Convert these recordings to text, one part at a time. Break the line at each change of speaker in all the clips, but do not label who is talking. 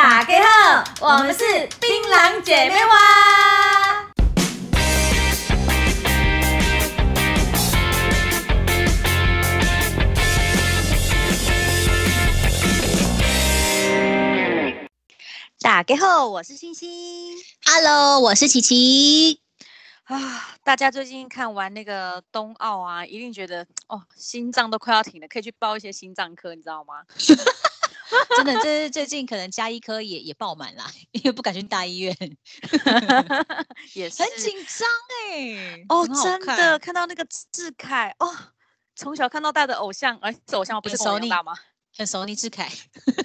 大家好，我們是檳榔姐妹花。大家好，我是星星。Hello，我是琪琪。啊，大家最近看完那個冬奧啊，一定覺得哦，心臟都快要停了，可以去報一些心臟科，你知道嗎？ 真的，這是最近可能家醫科也也爆滿啦，因為不敢去大醫院， 也是很緊張哎。哦、oh,，真的，看到那個志凱哦，從、oh, 小看到大的偶像，哎，這偶像我不是我你熟你嗎？很 熟你志凱。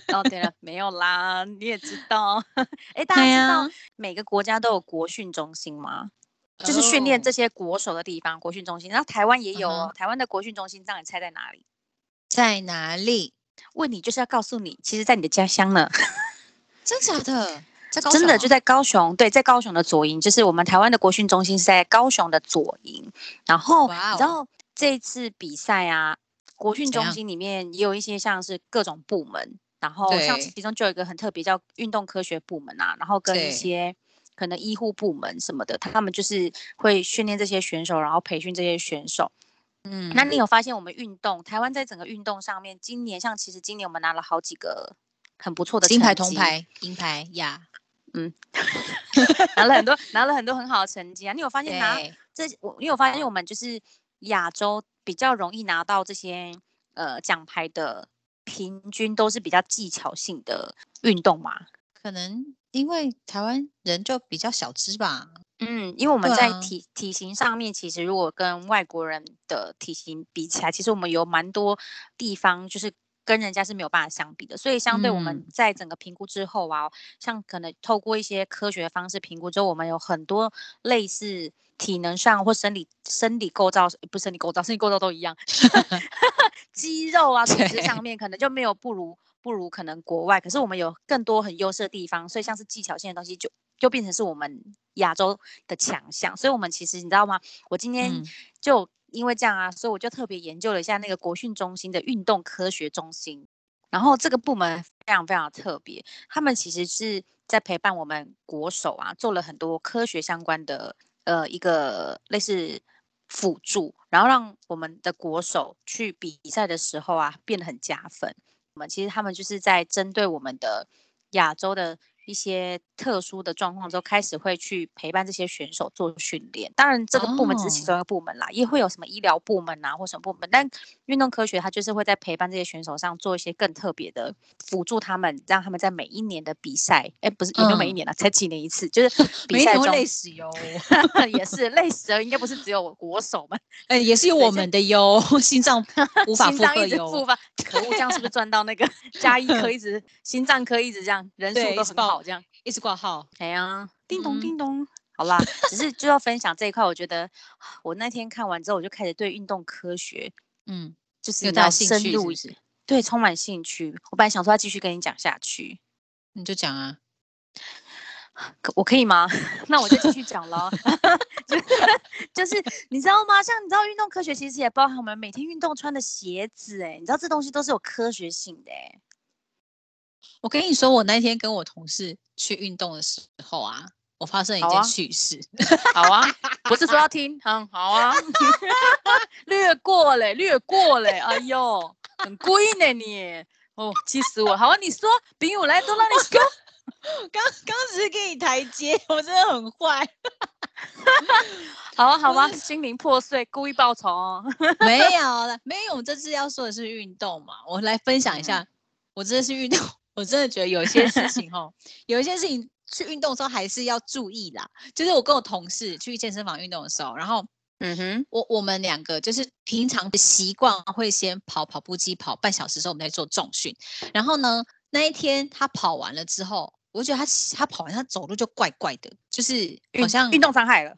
哦 ，oh, 對了，沒有啦，你也知道。哎、 欸，大家知道每個國家都有國訓中心嗎？Oh. 就是訓練這些國手的地方，國訓中心。然後台灣也有哦，uh huh. 台灣的國訓中心，讓你猜在哪裡？在哪裡？問你就是要告訴你，其實在你的家鄉呢， 真假的，啊、真的就在高雄，對，在高雄的左營，就是我們台灣的國訓中心是在高雄的左營。然後然 Wow. 你知道這次比賽啊，國訓中心裡面也有一些像是各種部門，樣然後對像其中就有一個很特別叫運動科學部門啊，然後跟一些對可能醫護部門什麼的，他們就是會訓練這些選手，然後培訓這些選手。嗯，那你有發現我們運動台灣在整個運動上面，今年像其實今年我們拿了好幾個很不錯的金牌、銅牌、銀牌呀，yeah、嗯， 拿了很多 拿了很多很好的成績啊！你有發現他？對這我，你有發現我們就是亞洲比較容易拿到這些呃獎牌的平均都是比較技巧性的運動嗎？可能因為台灣人就比較小資吧。嗯，因為我們在體、啊、體型上面，其實如果跟外國人的體型比起來，其實我們有蠻多地方就是跟人家是沒有辦法相比的。所以相對我們在整個評估之後啊，嗯、像可能透過一些科學的方式評估之後，我們有很多類似體能上或生理生理構造，欸、不是，生理構造，生理構造都一樣， 肌肉啊，體質上面可能就沒有不如對不如可能國外。可是我們有更多很優勢的地方，所以像是技巧性的東西就。就變成是我們亞洲的強項，所以我們其實你知道嗎？我今天就因為這樣啊，嗯，所以我就特別研究了一下那個國訓中心的運動科學中心，然後這個部門非常非常特別，他們其實是在陪伴我們國手啊，做了很多科學相關的呃一個類似輔助，然後讓我們的國手去比賽的時候啊變得很加分。我們其實他們就是在針對我們的亞洲的。一些特殊的狀況之後，開始會去陪伴這些選手做訓練。當然，這個部門只是其中一個部門啦，哦、也會有什麼醫療部門啊，或什麼部門。但運動科學它就是會在陪伴這些選手上做一些更特別的輔助，他們讓他們在每一年的比賽，哎、欸，不是也就每一年了，嗯、才幾年一次，就是比賽中累死喲。類哦、 也是累死的，應該不是只有我，國手們，哎、欸，也是有我們的喲。 心臟無法復，心臟一直觸發， 可惡，這樣是不是賺到那個 加一科一直 心臟科一直這樣人數都爆。這樣一直掛號，哎呀，叮咚叮咚，嗯、好啦，只是就要分享這一塊，我覺得 我那天看完之後，我就開始對運動科學，嗯，就是深有大興趣是是，對，充滿興趣。我本來想說，要繼續跟你講下去，你就講啊，我可以嗎？那我就繼續講了， 就是就是，你知道嗎？像你知道，運動科學其實也包含我們每天運動穿的鞋子、欸，哎，你知道這東西都是有科學性的、欸，哎。我跟你說，我那天跟我同事去運動的時候啊，我發生一件趣事。好啊， 好啊，不是說要聽，嗯，好啊。 略過嘞，略過嘞。哎呦，很故意呢你。哦，氣死我。好啊，你說，檳友來都讓你說。剛 剛 只是給你台階，我真的很壞。 好啊，好啊，是心靈破碎，故意報仇，哦。 沒有啦，沒有。我們這次要說的是運動嘛，我來分享一下，嗯、我這次是運動。我真的覺得有些事情吼， 有一些事情，哦，有一些事情去運動的時候還是要注意啦。就是我跟我同事去健身房運動的時候，然後，嗯哼，我我們兩個就是平常的習慣會先跑跑步機跑半小時之後，我們再做重訓。然後呢，那一天他跑完了之後，我覺得他他跑完他走路就怪怪的，就是好像運動傷害了。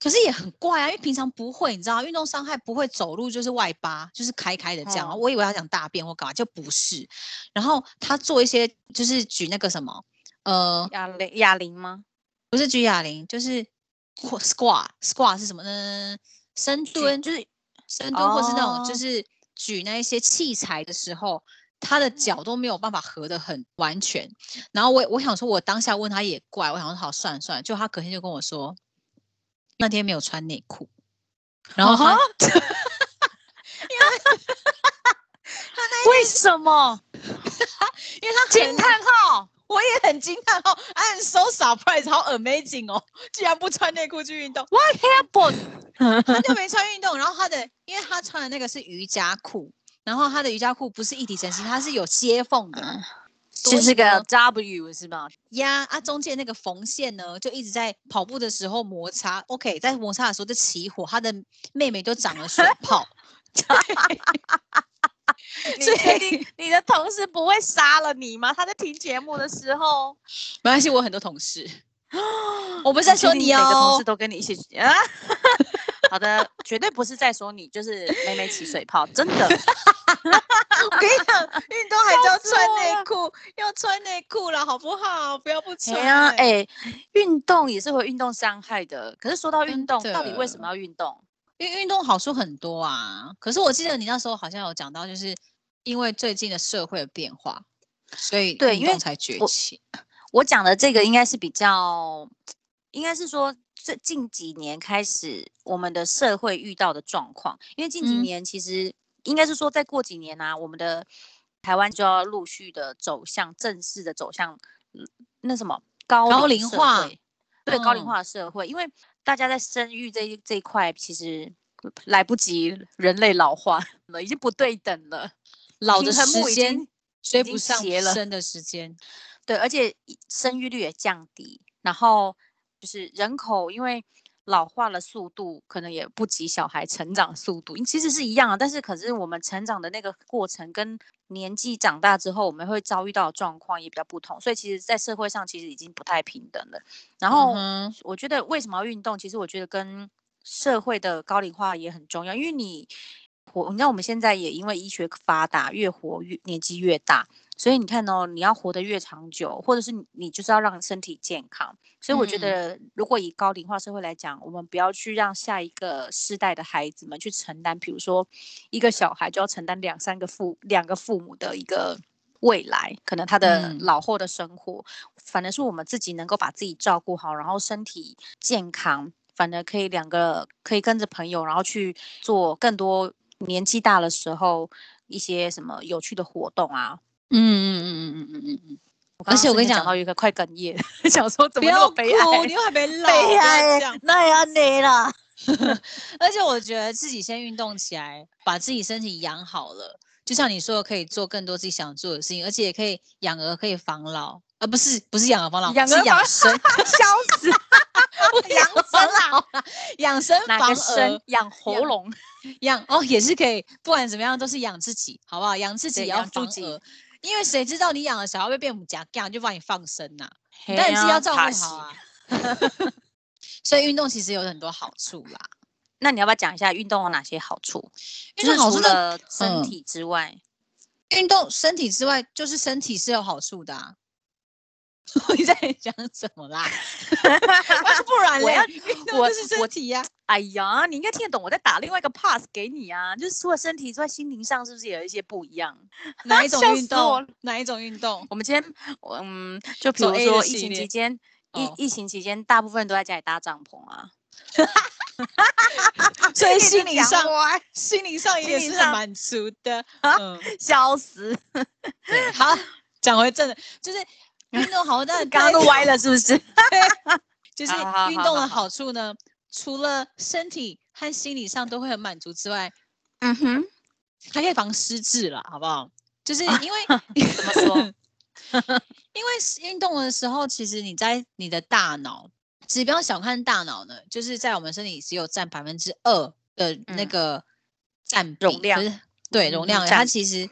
可是也很怪啊，因為平常不會，你知道、啊，運動傷害不會走路就是外八，就是開開的這樣。嗯、我以為他講大便或幹嘛，就不是。然後他做一些就是舉那個什麼，呃，啞鈴啞鈴嗎？不是舉啞鈴，就是或 squat squat 是什麼呢？深蹲舉就是深蹲，哦，或是那種就是舉那一些器材的時候，他的腳都沒有辦法合得很完全。嗯、然後我我想說我當下問他也怪，我想說好算了算了，就他隔天就跟我說。那天沒有穿內褲，然後為什麼？ 因為他驚嘆號，我也很驚嘆號，I'm so surprised，好 amazing 哦！竟 然不穿內褲去運動，What happened？ 他就沒穿運動，然後他的，因為他穿的那個是瑜伽褲，然後他的瑜伽褲不是一體成型，啊、它是有接縫的。啊就是個 W 是嗎？呀、yeah, 啊！中間那個縫線呢，就一直在跑步的時候摩擦。OK，在摩擦的時候就起火，他的妹妹就長了水泡。 所以你，你的同事不會殺了你嗎？他在聽節目的時候？沒關係，我很多同事。 我不是在說你哦。每個同事都跟你一起啊。好的，絕對不是在說你，就是妹妹起水泡，真的。 哈哈哈我跟你講，運動還叫穿內褲，要，啊、要穿內褲了，好不好、啊？不要不穿、欸。哎、欸啊欸，運動也是會運動傷害的。可是說到運動，的到底為什麼要運動？因為運動好處很多啊。可是我記得你那時候好像有講到，就是因為最近的社會的變化，所以運動才崛起我。我講的這個應該是比較，應該是說最近幾年開始，我們的社會遇到的狀況。因為近幾年其實、嗯。應該是說，再過幾年吶、啊，我們的台灣就要陸續的走向正式的走向，那什麼高齡化，
對、嗯、高齡化
的社會，因為大家在生育這一這一塊，其實來不及人類老化了，已經不對等了，老的時間追不上生的時間，對，而且生育率也降低，然後就是人口，因為。老化了速度可能也不及小孩成長速度，其實是一樣啊，但是可是我們成長的那個過程跟年紀長大之後我們會遭遇到的狀況也比較不同，所以其實，在社會上其實已經不太平等了。然後我覺得為什麼要運動？嗯、哼其實我覺得跟社會的高齡化也很重要，因為你，我，你知道我們現在也因為醫學發達，越活越年紀越大。所以你看哦，你要活得越長久，或者是你,你就是要讓身體健康。所以我覺得，嗯、如果以高齡化社會來講，我們不要去讓下一個世代的孩子們去承擔，比如說一個小孩就要承擔兩三個父兩個父母的一個未來，可能他的老後的生活，嗯、反而是我們自己能夠把自己照顧好，然後身體健康，反而可以兩個可以跟着朋友，然後去做更多年紀大的時候一些什麼有趣的活動啊。嗯嗯嗯嗯嗯嗯嗯，而且我跟你講，講到一個快哽咽，想 說怎麼那麼悲哀，不要哭，你又還沒來，那也安利了。 而且我覺得自己先運動起來，把自己身體養好了，就像你說的，可以做更多自己想做的事情，而且也可以養兒可以防老而，啊、不是不是養兒防老，養防老是養生，笑死 啦，養生老，養生防兒，養喉嚨，養哦也是可以，不管怎麼樣都是養自己，好不好？養自己也要防兒。因為誰知道你養的小貓被變種甲幹，就把你放生吶、啊？
啊、但你是要照顧好啊。
卡喜 所以運動其實有很多好處啦。那你要不要講一下運動有哪些好處？運動除了的身體之外，嗯、運動身體之外就是身體是有好處的、啊。你在講什麼啦？不然我要運動。我是身體呀！哎呀，你應該聽得懂，我在打另外一個 pass 給你啊。就是除了身體之外，心靈上，是不是有一些不一樣？哪一種運動？哪一種運動？我們今天，嗯，就比如說疫情期間，疫疫情期間，大部分人都在家裡搭帳篷啊。所以心靈上，心靈上也是很滿足的啊！笑死。好，講回正的，就是。
運動好大，是剛剛，都歪了是不是？
對，就是運動的好處呢，好好好好，除了身體和心理上都會很滿足之外，嗯哼，還可以防失智了，好不好？就是因為怎麼說？ 因為運動的時候，其實你在你的大腦，只不要小看大腦呢，就是在我們身體只有占百分之二的那個占、嗯、容量，就是、
對容量，嗯、它其
實。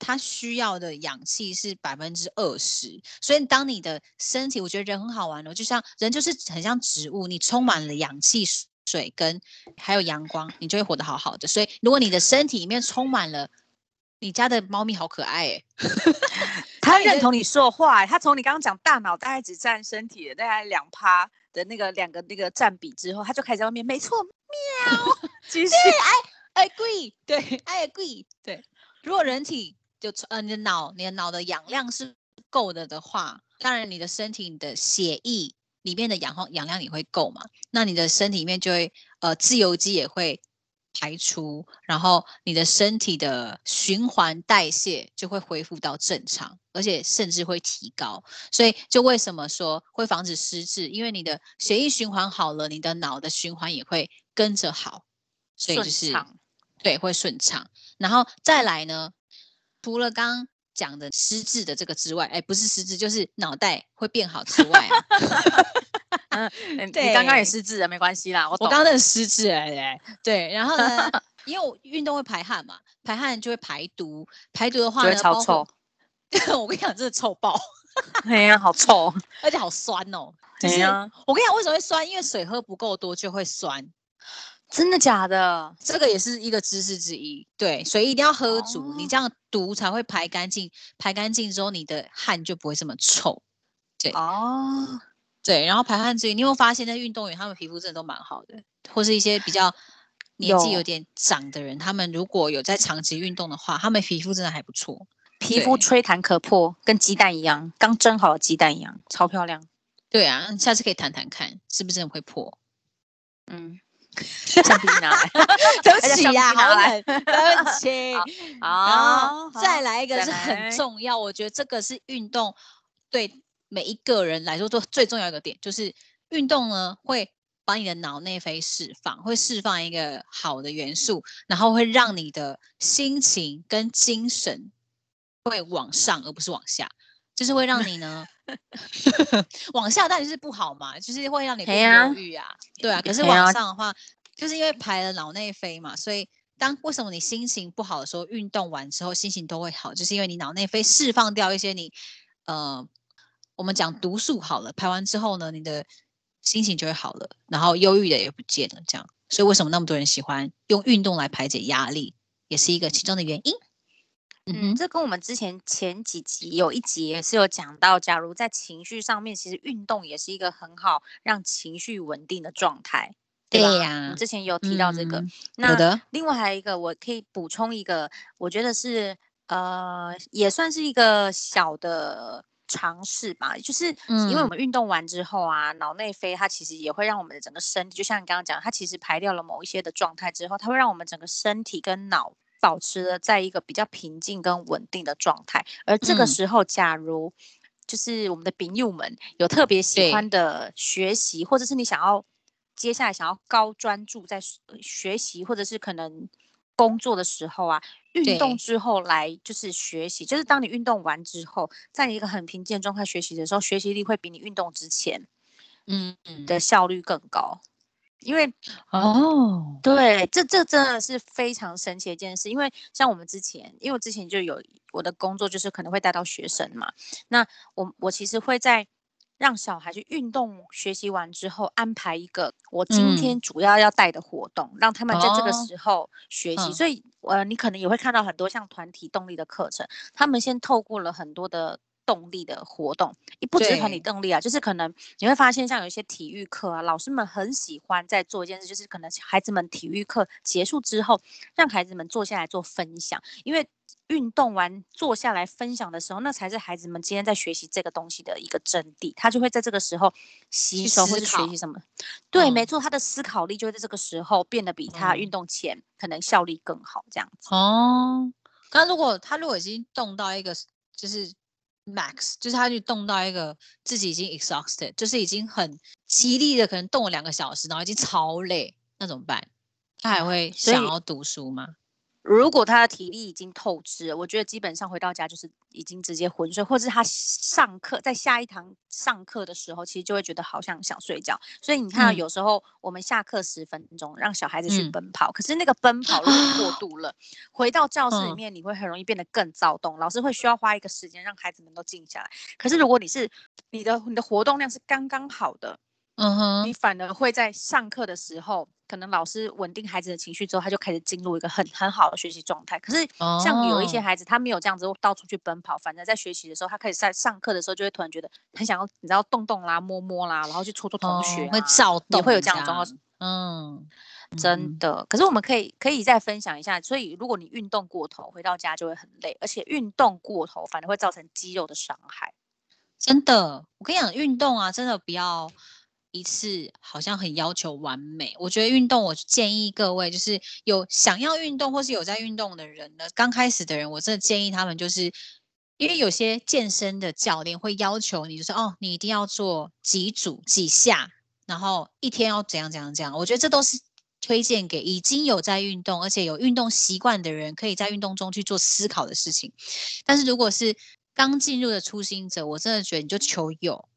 它需要的氧氣是百分之二十，所以當你的身體，我覺得人很好玩的、哦，就像人就是很像植物，你充滿了氧氣、水跟還有陽光，你就會活得好好的。所以如果你的身體裡面充滿了，你家的貓咪好可愛、欸、 他它認同你說話，他它從你剛剛講大腦大概只占身體大概兩趴的那個兩個那個占比之後，它就開始在外面沒錯，喵， 繼續，I agree，對，I agree，對，如果人體。就呃，你的腦，你的腦的氧量是夠了的話，當然你的身體、你的血液裡面的氧氧量也會夠嘛。那你的身體裡面就會呃，自由基也會排出，然後你的身體的循環代謝就會恢復到正常，而且甚至會提高。所以就為什麼說會防止失智？因為你的血液循環好了，你的腦的循環也會跟着好，
所以就是順暢，
對，會順暢。然後再來呢？除了剛，剛講的失智的這個之外，哎，不是失智，就是腦袋會變好之外啊。嗯， 對，你剛剛也失智了，沒關係啦，我我剛剛也失智，哎，對，對，然後呢， 因為我運動會排汗嘛，排汗就會排毒，排毒的話呢，就會超臭。對，我跟你講，真的臭爆。哎呀，好臭！而且好酸哦。對呀， 我跟你講，為什麼會酸？因為水喝不夠多就會酸。真的假的？這個也是一個姿勢之一，對，所以一定要喝足，oh. 你這樣毒才會排乾淨，排乾淨之後你的汗就不會這麼臭，對哦，oh. 對，然後排汗之餘，你有，有發現那運動員他們皮膚真的都蠻好的，或是一些比較年紀有點長的人，有他們如果有在長期運動的話，他們皮膚真的還不錯，皮膚吹彈可破，跟雞蛋一樣，剛蒸好的雞蛋一樣，超漂亮。對啊，下次可以彈彈看，是不是真的會破？嗯。橡皮 拿來， 對不起呀，啊， 好冷，對不起。好， 好，再來一個是很重要。我覺得這個是運動對每一個人來說都最重要的點，就是運動呢，會把你的腦內啡釋放，會釋放一個好的元素，然後會讓你的心情跟精神會往上，而不是往下。就是會讓你呢 往下，當然是不好嘛，就是會讓你更憂鬱啊，對啊。可是往上的話。就是因為排了腦內啡嘛，所以當為什麼你心情不好的時候，運動完之後心情都會好，就是因為你腦內啡釋放掉一些你，呃，我們講毒素好了，排完之後呢，你的心情就會好了，然後憂鬱的也不見了，這樣。所以為什麼那麼多人喜歡用運動來排解壓力，也是一個其中的原因。嗯，嗯哼。這跟我們之前前幾集有一集也是有講到，假如在情緒上面，其實運動也是一個很好讓情緒穩定的狀態。對呀，對啊，之前有提到這個。嗯、那的另外還有一個，我可以補充一個，我覺得是呃，也算是一個小的嘗試吧。就是因為我們運動完之後啊，嗯、腦內啡它其實也會讓我們的整個身體，就像你剛剛講，它其實排掉了某一些的狀態之後，它會讓我們整個身體跟腦保持了在一個比較平靜跟穩定的狀態。而這個時候，嗯、假如就是我們的檳友們有特別喜歡的學習，對或者是你想要。接下來想要高專注在學習或者是可能工作的時候啊，運動之後來就是學習，對就是當你運動完之後，在你一個很平靜的狀態學習的時候，學習力會比你運動之前，嗯嗯的效率更高。嗯、因為哦，oh, 對，對這這真的是非常神奇的一件事。因為像我們之前，因為我之前就有我的工作就是可能會帶到學生嘛，那我我其實會在。讓小孩去運動，學習完之後安排一個我今天主要要帶的活動，嗯、讓他們在這個時候學習。哦、所以，呃，你可能也會看到很多像團體動力的課程，他們先透過了很多的。動力的活動，也不止團體動力啊，對就是可能你會發現，像有一些體育課啊，老師們很喜歡在做一件事，就是可能孩子們體育課結束之後，讓孩子們坐下來做分享。因為運動完坐下來分享的時候，那才是孩子們今天在學習這個東西的一個真諦。他就會在這個時候吸收或者學習什麼？對，嗯、沒錯，他的思考力就會在這個時候變得比他運動前可能效力更好這樣子。哦、嗯，那、嗯、如果他如果已經動到一個就是。Max 就是他去動到一個自己已經 exhausted，就是已經很激烈的可能動了兩個小時，然後已經超累，那怎麼辦？他還會想要讀書嗎？如果他的體力已經透支了，我覺得基本上回到家就是已經直接昏睡，或者是他上課在下一堂上課的時候，其實就會覺得好像想睡覺。所以你看有時候我們下課十分鐘讓小孩子去奔跑，嗯、可是那個奔跑如果過度了， 回到教室裡面你會很容易變得更躁動，嗯、老師會需要花一個時間讓孩子們都靜下來。可是如果你是你的你的活動量是剛剛好的。嗯哼，uh huh. 你反而會在上課的時候，可能老師穩定孩子的情緒之後，他就開始進入一個很很好的學習狀態。可是像有一些孩子，uh huh. 他沒有這樣子到處去奔跑，反正在學習的時候，他可以在上課的時候就會突然覺得很想要，你知道動動啦、摸摸啦，然後去戳戳同學，啊，會躁動，huh. 也會有這樣的狀況。嗯、uh，huh. 真的。可是我們可以可以再分享一下，所以如果你運動過頭，回到家就會很累，而且運動過頭反而會造成肌肉的傷害。真的，我跟你講，運動啊，真的不要。一次好像很要求完美。我覺得運動，我建議各位就是有想要運動或是有在運動的人呢，剛開始的人，我真的建議他們就是因為有些健身的教練會要求你，就是哦，你一定要做幾組幾下，然後一天要怎樣怎樣怎樣。我覺得這都是推薦給已經有在運動而且有運動習慣的人，可以在運動中去做思考的事情。但是如果是剛進入的初心者，我真的覺得你就求有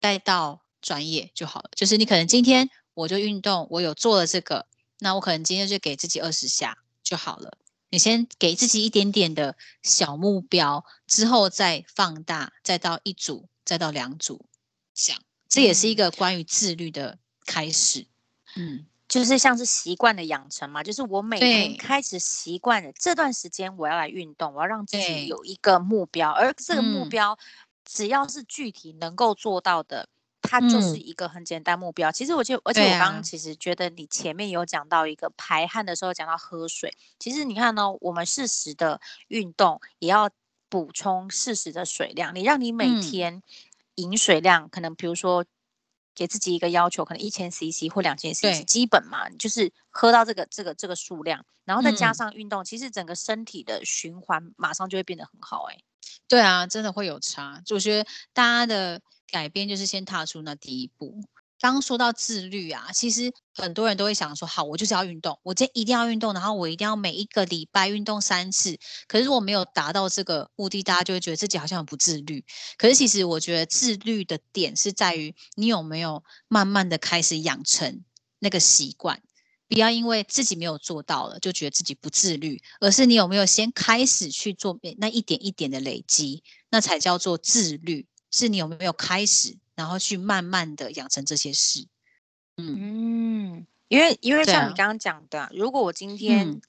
帶到，專業就好了，就是你可能今天我就運動，我有做了這個，那我可能今天就給自己二十下就好了。你先給自己一點點的小目標，之後再放大，再到一組，再到兩組，這樣這也是一個關於自律的開始。嗯、嗯，就是像是習慣的養成嘛，就是我每天對開始習慣的這段時間，我要來運動，我要讓自己有一個目標，對而這個目標、嗯、只要是具體能夠做到的。它就是一個很簡單目標。嗯、其實我覺得，而且我剛剛其實覺得你前面有講到一個排汗的時候，講到喝水。其實你看呢，我們適時的運動也要補充適時的水量。你讓你每天飲水量，嗯、可能比如說給自己一個要求，可能一千 cc 或兩千 cc，對，基本嘛，就是喝到這個這個這個數量，然後再加上運動，嗯、其實整個身體的循環馬上就會變得很好、欸。哎，對啊，真的會有差。就我覺得大家的。改變就是先踏出那第一步。剛說到自律啊，其實很多人都會想說：好，我就是要運動，我今天一定要運動，然後我一定要每一個禮拜運動三次。可是如果沒有達到這個目的，大家就會覺得自己好像很不自律。可是其實我覺得自律的點是在於你有沒有慢慢的開始養成那個習慣，不要因為自己沒有做到了就覺得自己不自律，而是你有沒有先開始去做那一點一點的累積，那才叫做自律。是你有沒有開始，然後去慢慢的養成這些事，嗯，嗯，因為因為像你剛剛講的，啊，如果我今天，嗯，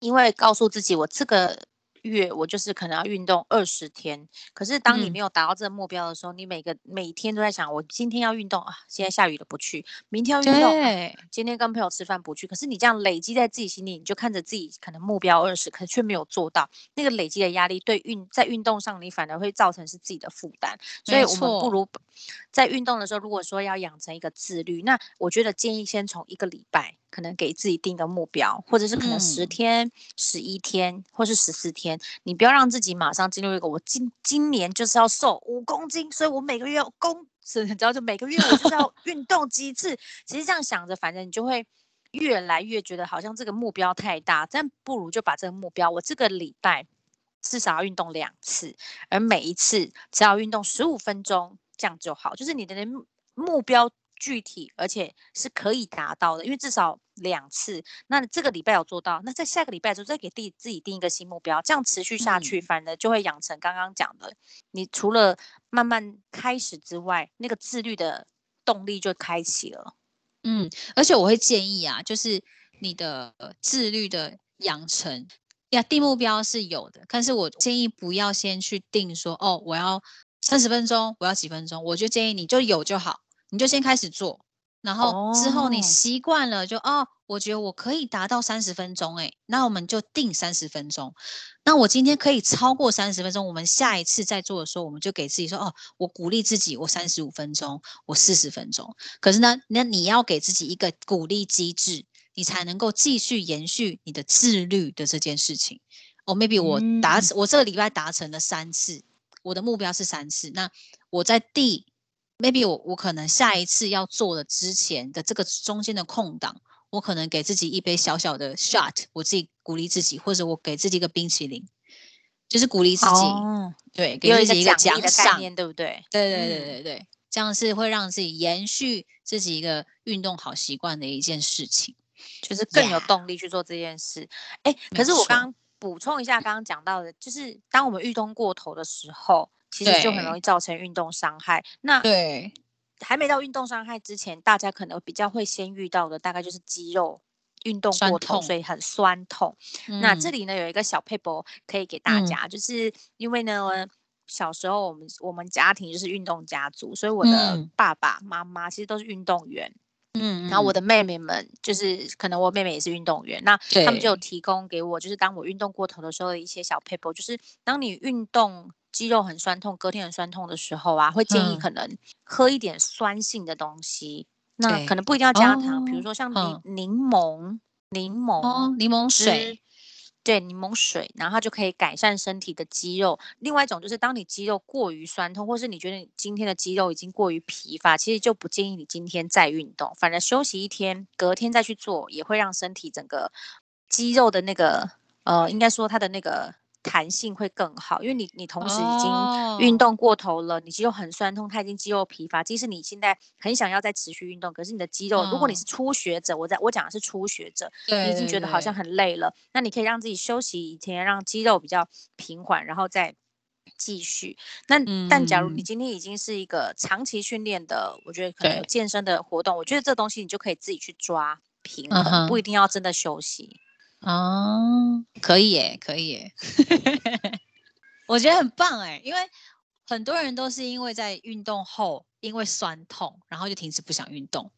因為告訴自己我這個月我就是可能要運動二十天，可是當你沒有達到這個目標的時候，嗯、你每個每天都在想，我今天要運動啊，現在下雨了不去，明天要運動對、啊，今天跟朋友吃飯不去。可是你這樣累積在自己心裡，你就看着自己可能目標二十，可是卻沒有做到，那個累積的壓力對運在運動上，你反而會造成是自己的負擔。所以，我們不如錯在運動的時候，如果說要養成一個自律，那我覺得建議先從一個禮拜可能給自己定個目標，或者是可能十天、十一、嗯、天，或是十四天。你不要讓自己馬上進入一個我今今年就是要瘦五公斤，所以我每個月要公，你知道，就每個月我就是要運動幾次。 其實這樣想着，反正你就會越來越覺得好像這個目標太大，但不如就把這個目標，我這個禮拜至少要運動兩次，而每一次只要運動十五分鐘這樣就好。就是你的目標。具體而且是可以達到的，因為至少兩次。那這個禮拜有做到，那在下個禮拜的時候再給自己自己定一個新目標，這樣持續下去，反而就會養成剛剛講的，嗯、你除了慢慢開始之外，那個自律的動力就開啟了。嗯，而且我會建議啊，就是你的自律的養成呀，定目標是有的，但是我建議不要先去定說哦，我要三十分鐘，我要幾分鐘，我就建議你就有就好。你就先開始做，然後之後你習慣了就、oh. 哦，我覺得我可以達到三十分鐘，哎，那我們就定三十分鐘。那我今天可以超過三十分鐘，我們下一次再做的時候，我們就給自己說哦，我鼓勵自己，我三十五分鐘，我四十分鐘。可是呢，那你要給自己一個鼓勵機制，你才能夠繼續延續你的自律的這件事情。哦、oh,，maybe、嗯、我達，我這個禮拜達成了三次，我的目標是三次，那我在第。Maybe 我我可能下一次要做的之前的這個中間的空檔，我可能給自己一杯小小的 shot，我自己鼓勵自己，或者我給自己一個冰淇淋，就是鼓勵自己。哦、對，給自己一個獎勵的概念，個獎個獎勵，對不對？對對對對對，嗯、對，這樣是會讓自己延續自己一個運動好習慣的一件事情，就是更有動力去做這件事。哎 Yeah，可是我剛補充一下剛剛講到的，就是當我們運動過頭的時候。其實就很容易造成運動傷害。對，那，對，還沒到運動傷害之前，大家可能比較會先遇到的，大概就是肌肉運動過頭，痛所以很酸痛。
嗯、那這裡
呢，有一個小撇步可以給大家。嗯、就是因為呢，小時候我們我們家庭就是運動家族，所以我的爸爸媽媽其實都是運動員。嗯，然後我的妹妹們就是、嗯、就是可能我妹妹也是運動員，對那他們就有提供給我，就是當我運動過頭的時候的一些小撇步，就是當你運動。肌肉很痠痛，隔天很痠痛的時候啊，會建議可能喝一點酸性的東西。
嗯、那可能不一定要加糖，哦、比如說像檸檬、
嗯、檸檬、檸檬、哦、檸檬水，對，檸檬水，然後就可以改善身體的肌肉。另外一種就是，當你肌肉過於痠痛，或是你覺得你今天的肌肉已經過於疲乏，其實就不建議你今天再運動，反正休息一天，隔天再去做，也會讓身體整個肌肉的那個，呃，應該說它的那個。彈性會更好，因為你你同時已經運動過頭了，Oh. 你肌肉很酸痛，它已經肌肉疲乏。即使你現在很想要再持續運動，可是你的肌肉，嗯、如果你是初學者，我在我講的是初學者，對你已經覺得好像很累了，對對，那你可以讓自己休息一天，讓肌肉比較平緩，然後再繼續。那、嗯、但假如你今天已經是一個長期訓練的，我覺得可能有健身的活動，對我覺得這東西你就可以自己去抓平衡，Uh-huh. 不一定要真的休息。哦，可以耶，可以耶。 我覺得很棒誒，因為很多人都是因為在運動後因為痠痛，然後就停止不想運動，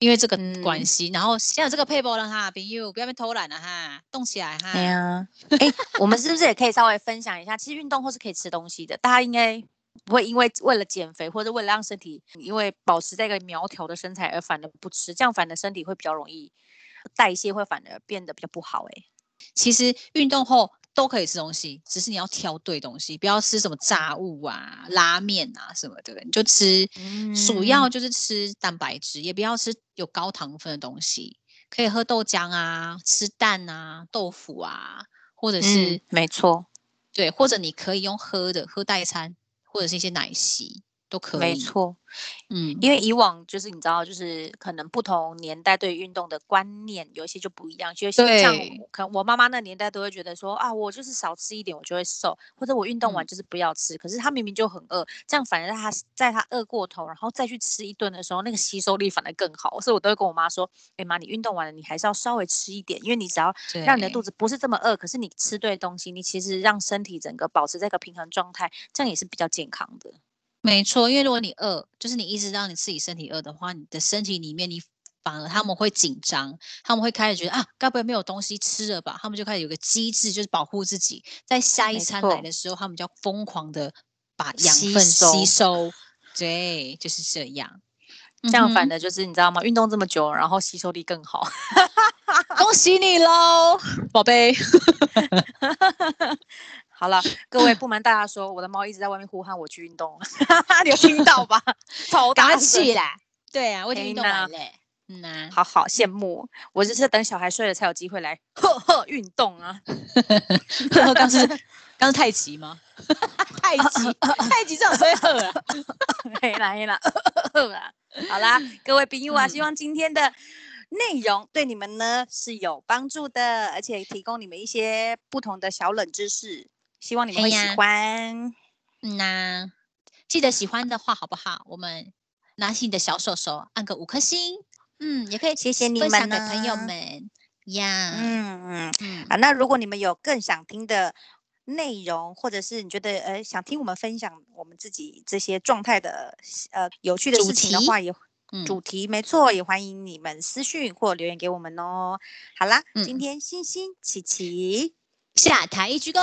因為這個關係。嗯、然後現在這個佩服了哈，朋友，不要被偷懶了哈，動起來哈。對啊、哎呀。哎、 欸，我們是不是也可以稍微分享一下？其實運動後是可以吃東西的，大家應該不會因為為了減肥或者為了讓身體因為保持這個苗條的身材而反而不吃，這樣反而身體會比較容易。代謝會反而變得比較不好哎、欸。其實運動後都可以吃東西，只是你要挑對東西，不要吃什麼炸物啊、拉麵啊什麼的，你就吃，嗯、主要就是吃蛋白質，也不要吃有高糖分的東西。可以喝豆漿啊，吃蛋啊、豆腐啊，或者是、嗯、沒錯，對，或者你可以用喝的，喝代餐或者是一些奶昔。都可以，沒錯錯，嗯，因為以往就是你知道，就是可能不同年代對運動的觀念有一些就不一樣，就對像我可能我媽媽那年代都會覺得說啊，我就是少吃一點我就會瘦，或者我運動完就是不要吃，嗯、可是她明明就很餓，這樣反而她在她餓過頭，然後再去吃一頓的時候，那個吸收力反而更好，所以我都會跟我媽說，哎、欸、媽，你運動完了你還是要稍微吃一點，因為你只要讓你的肚子不是這麼餓，對可是你吃對東西，你其實讓身體整個保持在一個平衡狀態，這樣也是比較健康的。沒錯，因為如果你餓，就是你一直讓你自己身體餓的話，你的身體裡面你反而他們會緊張，他們會開始覺得啊，該不會沒有東西吃了吧？他們就開始有個機制，就是保護自己，在下一餐來的時候，沒錯。他們就要瘋狂的把養分吸收。吸收，對，就是這樣。
這樣反的，
就是你知道嗎？運動這麼久，然後吸收力更好。 恭喜你嘍，寶貝。 好了，各位不瞞大家說， 我的貓一直在外面呼喊我去運動， 你有聽到吧？趕 打起來！ 對呀、啊，我已經運動完了 嗯、啊、好好羨慕，我就是等小孩睡了才有機會來呵呵運動啊。
當 時
當太極嗎？ 太極， 太極最好睡呵。可以啦，呵呵啦。好啦，各位朋友啊，希望今天的內容對你們呢是有幫助的，而且提供你們一些不同的小冷知識。希望你們會喜歡。嗯吶、啊，記得喜歡的話好不好？我們拿起你的小手手，按個五顆星。嗯，也可以謝謝你們分享給朋友們，謝謝你們、啊、呀。嗯嗯嗯。嗯啊,那如果你們有更想聽的內容，或者是你覺得呃想聽我們分享我們自己這些狀態的呃有趣的事情的話，也、嗯、主題沒錯，也歡迎你們私訊或留言給我們哦。好啦，嗯、今天星星琪琪下台鞠躬。